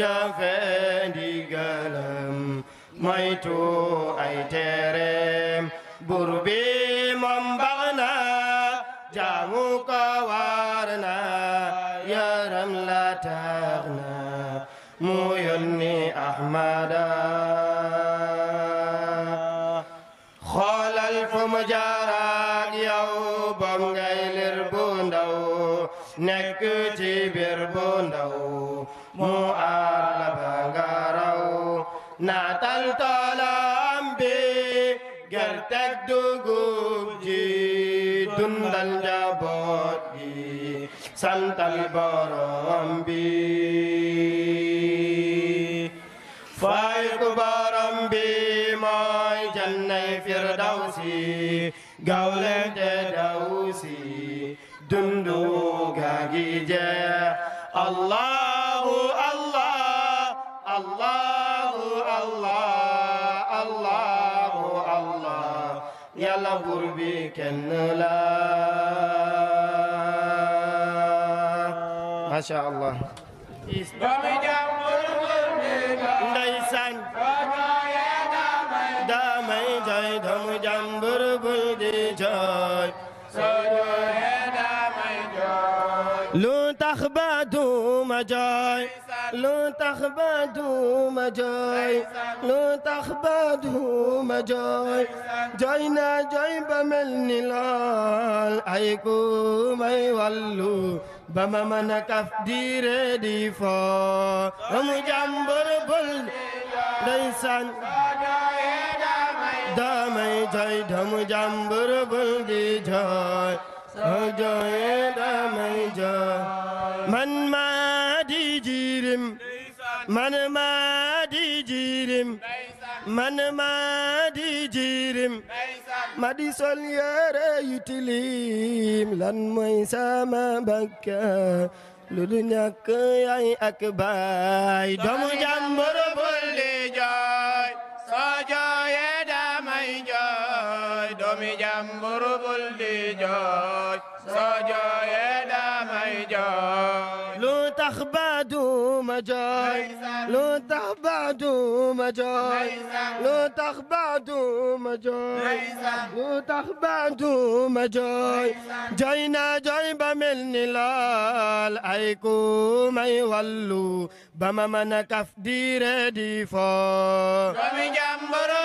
jëfe ndigalam moytu ay tereem bur bi moom baax na jaamu ko war yaram la tax na mu yónni ahmada xoolal fu mu jaaraak yow bam ngay bu ndaw nekk ci biir bu ndaw mu'ala bangarau natal talambi gertek dugub ji dundal jabot ji santal barombi faik barombi moy jannay firdausi gawle dausi dundu gagije Allah yalla buur bi kenn la macha allah. is doomi jàmbur تخبادو مجاي لو تخبادو مجاي جاينا جاي بمل نلال ايكو مي والو بما من كف دير ديفا ام جامبر بل ليسان دامي جاي دم جامبر بل دي جاي سجاي دامي جاي من ما دي جيرم man maa di jirim man maa di jirim ma di sol yére yu lan mooy sama bakka lu du ñàkk yaay ak baay doomu jàmbur lu tax baaduma jooy lu tax baaduma jooy lu tax baaduma jooy jooy ba mel ni lool ay ku may wallu ba ma mën a kaf diire di foo doomi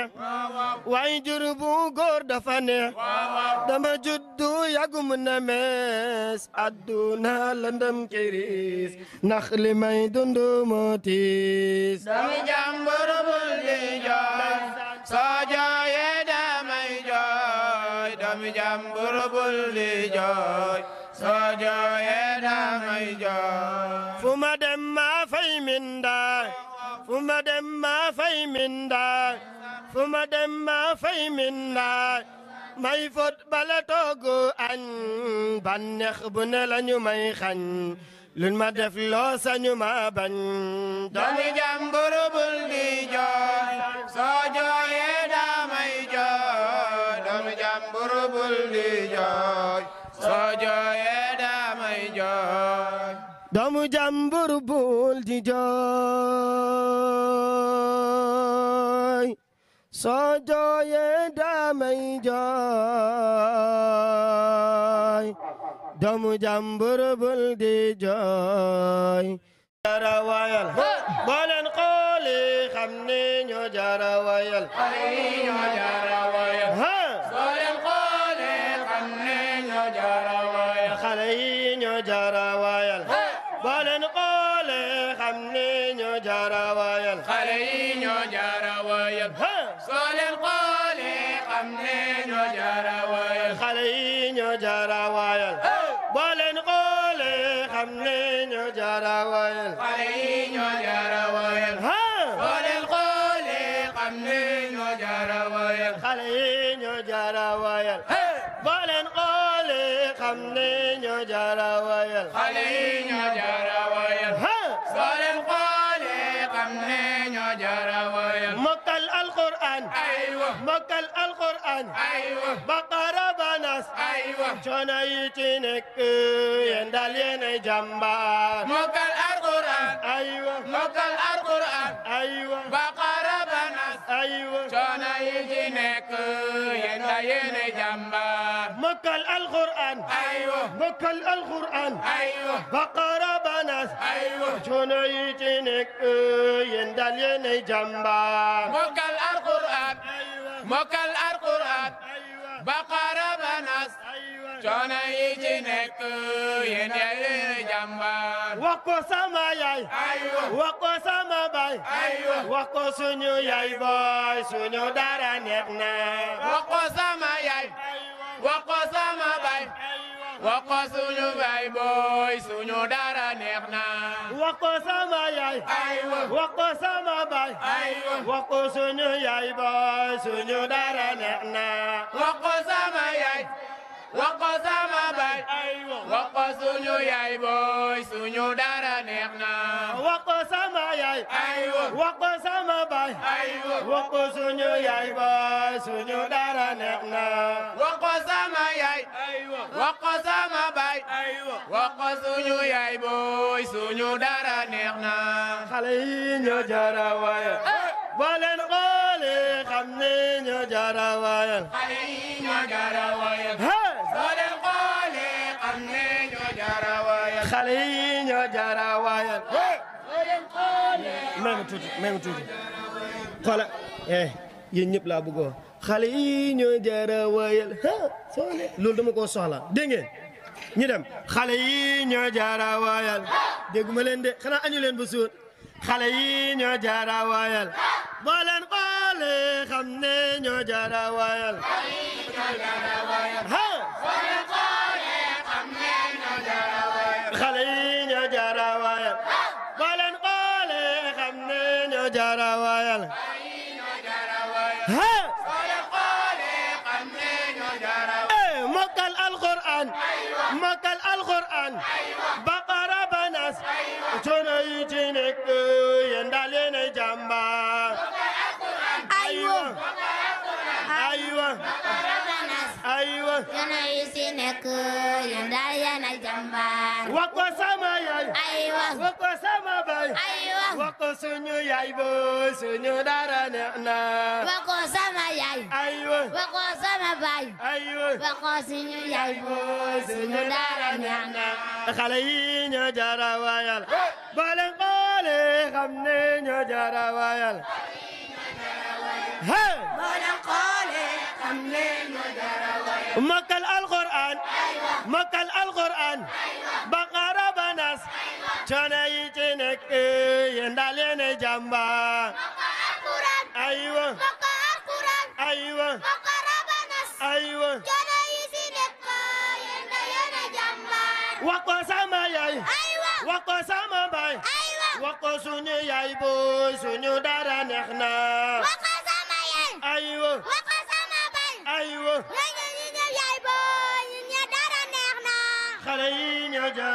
ne waaye bu góor dafa dama juddu yàggum na mees adduna lëndëm kiris li may dundu tiis dami jàmbur bul di jooy soo jooy fu ma dem ma fay minda fu ma dem ma fay minda fu ma dem ma fay min naa may fot bala toogu añ banneex bu ne lañu may xañ luñ ma def loo sañu ma bañ doomi jàmburu bul di jooy soo jooyee daa may jooy doomi jàmburu bul di jooy soo jooyee daa may jooy doomu jàmburu bul di jooy soo jooyee damay jooy doomu jàmbur bul di jooy jara wayal boo leen xooli xam ni ñu jara way xale yi ñoo jara way alquran aywa baqara banas yi ci nekk yéen daal yéenay jàmbaar mokkal alquran aywa mokkal alquran aywa yi ci nekk yéen daal yéenay mokkal alquran baqara banas coono yi ci nekk yéen yéen jàmbaar wax ko sama yaay aywa wax ko sama baay suñu yaay booy suñu dara neex na wax ko yaay waxoo sama baay waxoo suñu baay booy suñu dara neex na. waxoo sama yaay. aywa waxoo sama baay. aywa waxoo suñu yaay booy suñu dara neex na. wokko sama baay booy suñu dara neex na wokko sama yaay wokko sama baay wokko booy suñu dara neex na may ma tuuti may ma tuuti xoola eh yéen ñëpp laa bëggoo xale yi ñoo jara soone loolu dama koo soxla dégg ngeen ñu dem xale yi ñoo jara wayal dégguma leen de xanaa añu leen ba suur xale yi ñoo jara wayal boo leen xam ne ñoo jara wayal man baqara banas tonay aywa aywa aywa ci nekk yéen daal yéen ay jàmbaar wa ko aywa wa ko sama wax suñu yaay bo suñu dara neex na wax ko sama yaay aywa wax ko aywa wax ko suñu yaay suñu dara neex na jara wayal bale xoole xam ne ñu jara wayal hey bale xoole xam ne ñu jara wayal makkal alquran makkal alquran coono yi ci nekk yéen daal yéen ay jàmbaar aywa aywa aywa coono yi ci nekk yéen daal yéen ay jàmbaar wax ko sama yaay wax ko sama baay wax ko suñu yaay booy suñu dara neex na wax ko sama yaay aywa wax ko sama baay aywa ñun ñu ñëw yaay booy ñun ñu dara neex na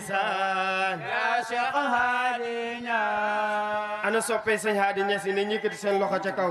ndeysaan yaa Cheikh ana soppee sëñ Hady Niass yi ne kë seen loxo ca kaw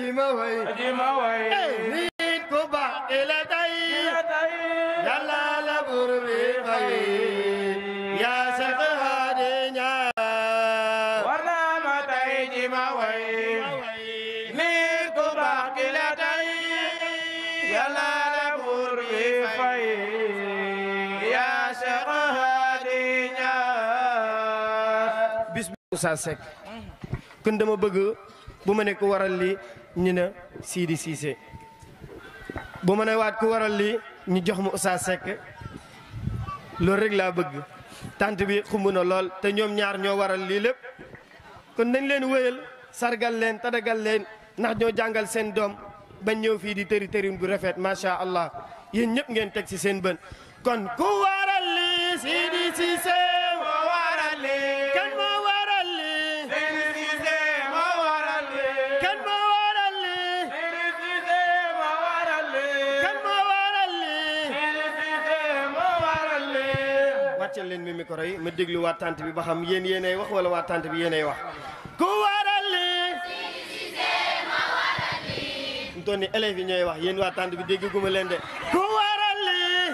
jimaway jimaway nit ku baax ila tay yàlla la bur bi fay yaa sax haade ñaar war naa ma tay jimaway nit ku baax ila tay yàlla la bur bi fay yaa sax haade ñaar bis bi Oustaz Seck kon dama bëgg bu ma nekk waral lii ñu ne Sidi Cissé bu ma ne waat ku waral lii ñu jox mu Oustaz Seck loolu rek laa bëgg tànt bi xumb na lool te ñoom ñaar ñoo waral lii lépp kon nañ leen wéyal sargal leen tadagal leen ndax ñoo jàngal seen doom bañ ñëw fii di tëri tërin bu rafet macha allah yéen ñëpp ngeen teg ci seen bën kon ku waral li Sidi Cissé sàmmi micro yi ma déglu tànt bi ba xam yéen yéenay wax wala waa tante bi yéenay wax ku waral lii mu toll ni élèves yi ñooy wax yéen waa tànt bi dégg guma leen de ku waral lii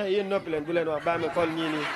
eh, yéen noppi leen bu leen wax baa mi xool ñii nii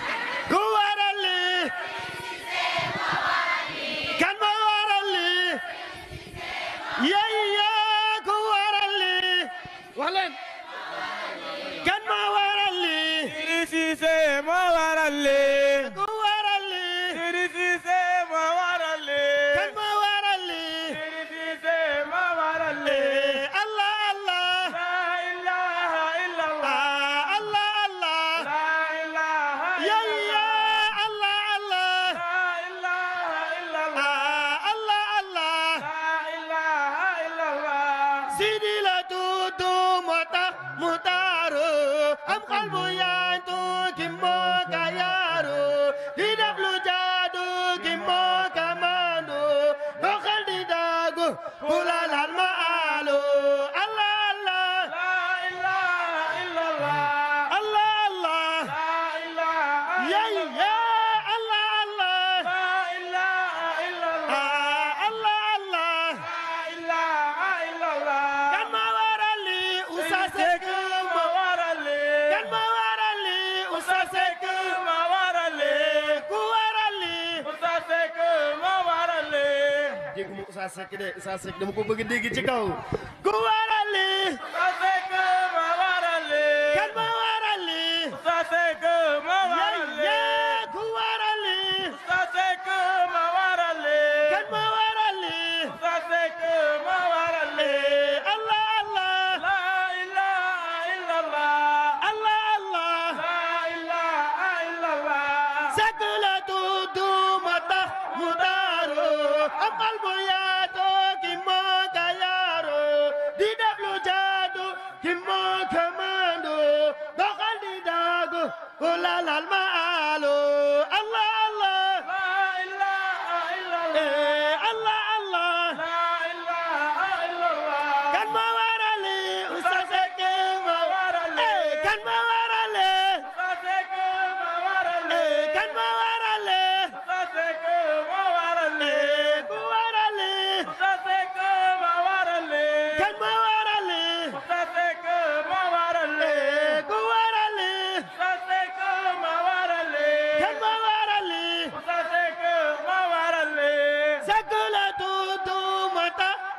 Seck de bëgg dégg ci kaw ma waral lii eh, Allah Allah la ilaha illallah Allah la ilaha ma tax mu daaru amal bu ya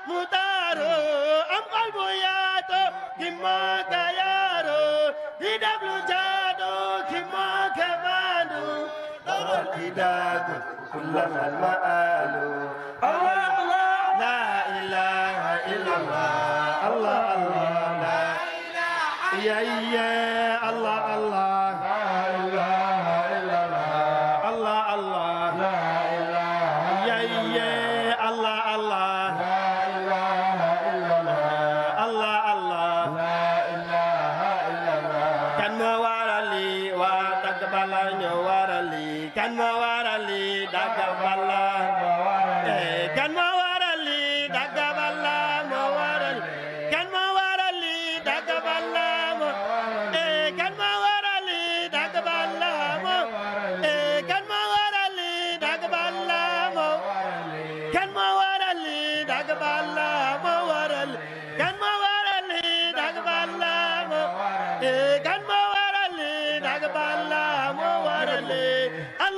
mutaro am qalbu yaato gimmo ka yaaro dablu jaado gimmo ka maandu dawal kullama Allah Allah la ilaha illallah Allah Allah la ilaha illallah Ale, ale.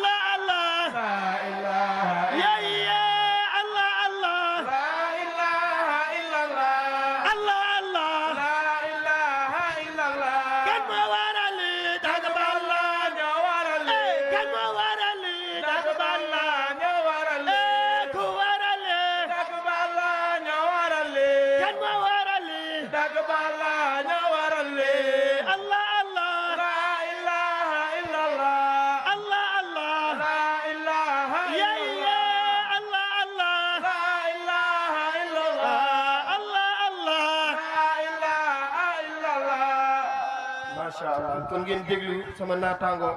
kon ngeen déglu sama naataango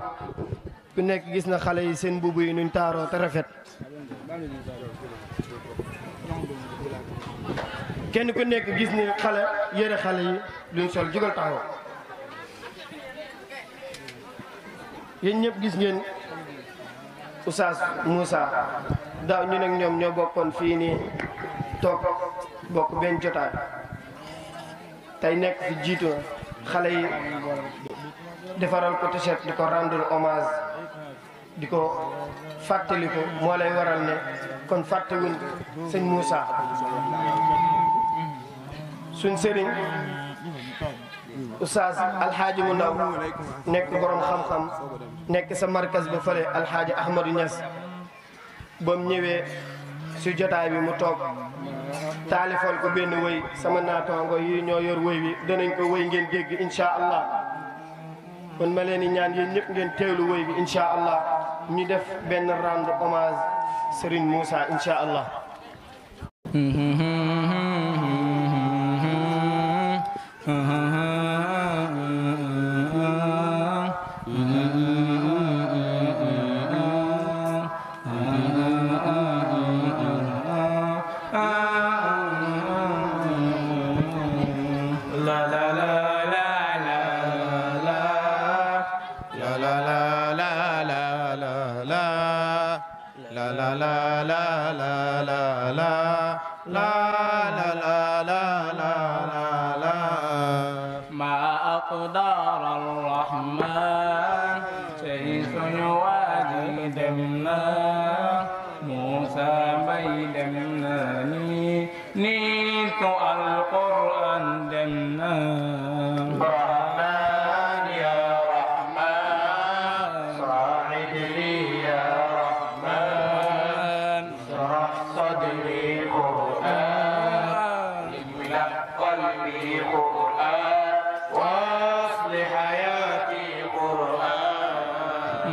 ku nekk gis na xale yi seen mbubu yi nuñ taaroo te kenn ku nekk gis ni xale yére xale yi luñ sol jugal taxaw yéen ñëpp gis ngeen Oustaz Moussa daaw ñu nag ñoom ñoo bokkoon fii nii toog bokk benn jotaay tey nekk fi jiitu xale yi defaral ko t-shirt di ko rendre hommage di ko fàttaliku moo lay waral ne kon fàttewuñ sëñ Moussa suñ sëriñ Oustaz Alxaaji mu ndaw nekk borom xam-xam nekk sa markas ba fële Alxaaji Ahmadou Niass ba ñëwee su jotaay bi mu toog taalifal ko benn wëy sama naataango yi ñoo yor wëy bi danañ ko wëy ngeen dégg incha allah. kon ma leni ñaan yeen ñep ngeen teewlu way bi insha allah ñu def ben rendre hommage Serigne Moussa insha allah. Mm -hmm. hmm, hmm, hmm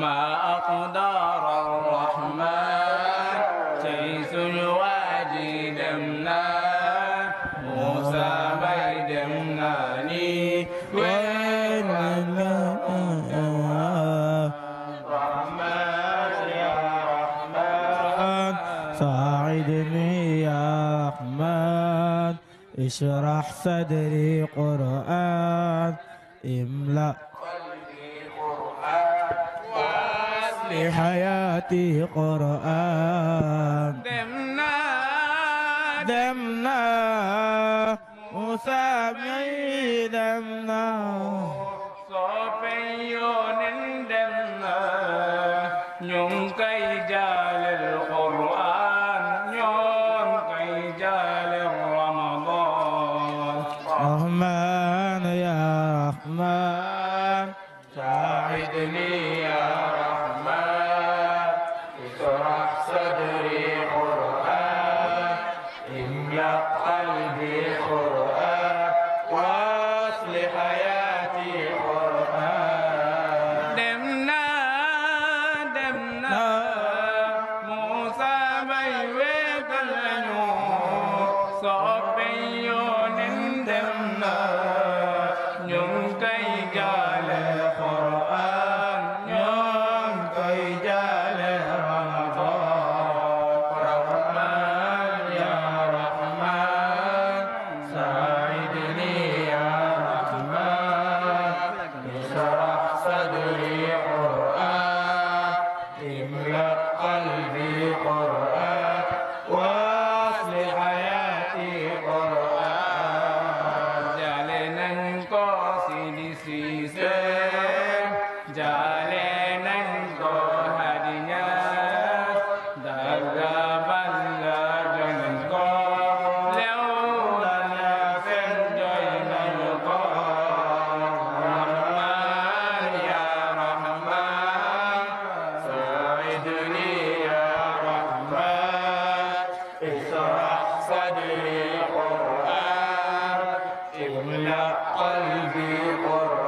ما أقدر الرحمن تيس الوادي دمنا موسى بيدمناني وين رحمن يا رحمن يا رحمن اشرح صدري قرآن املأ في حياتي قرآن دمنا دمنا مسامي دمنا صوفي دمنا يوم كي جال القرآن قلبي قرب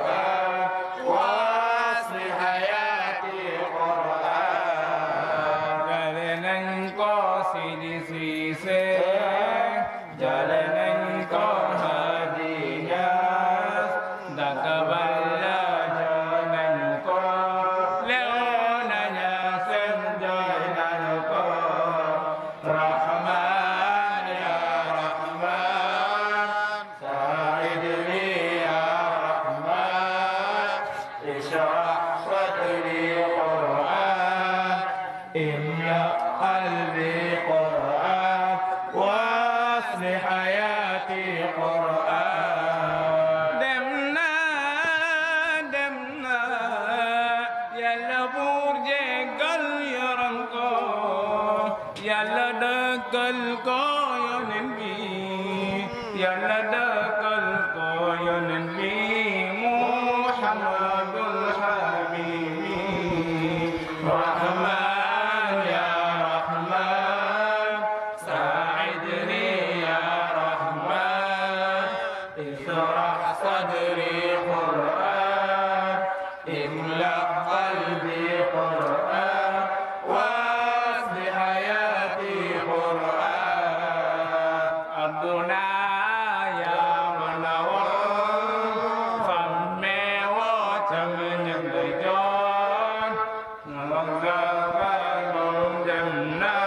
Nine.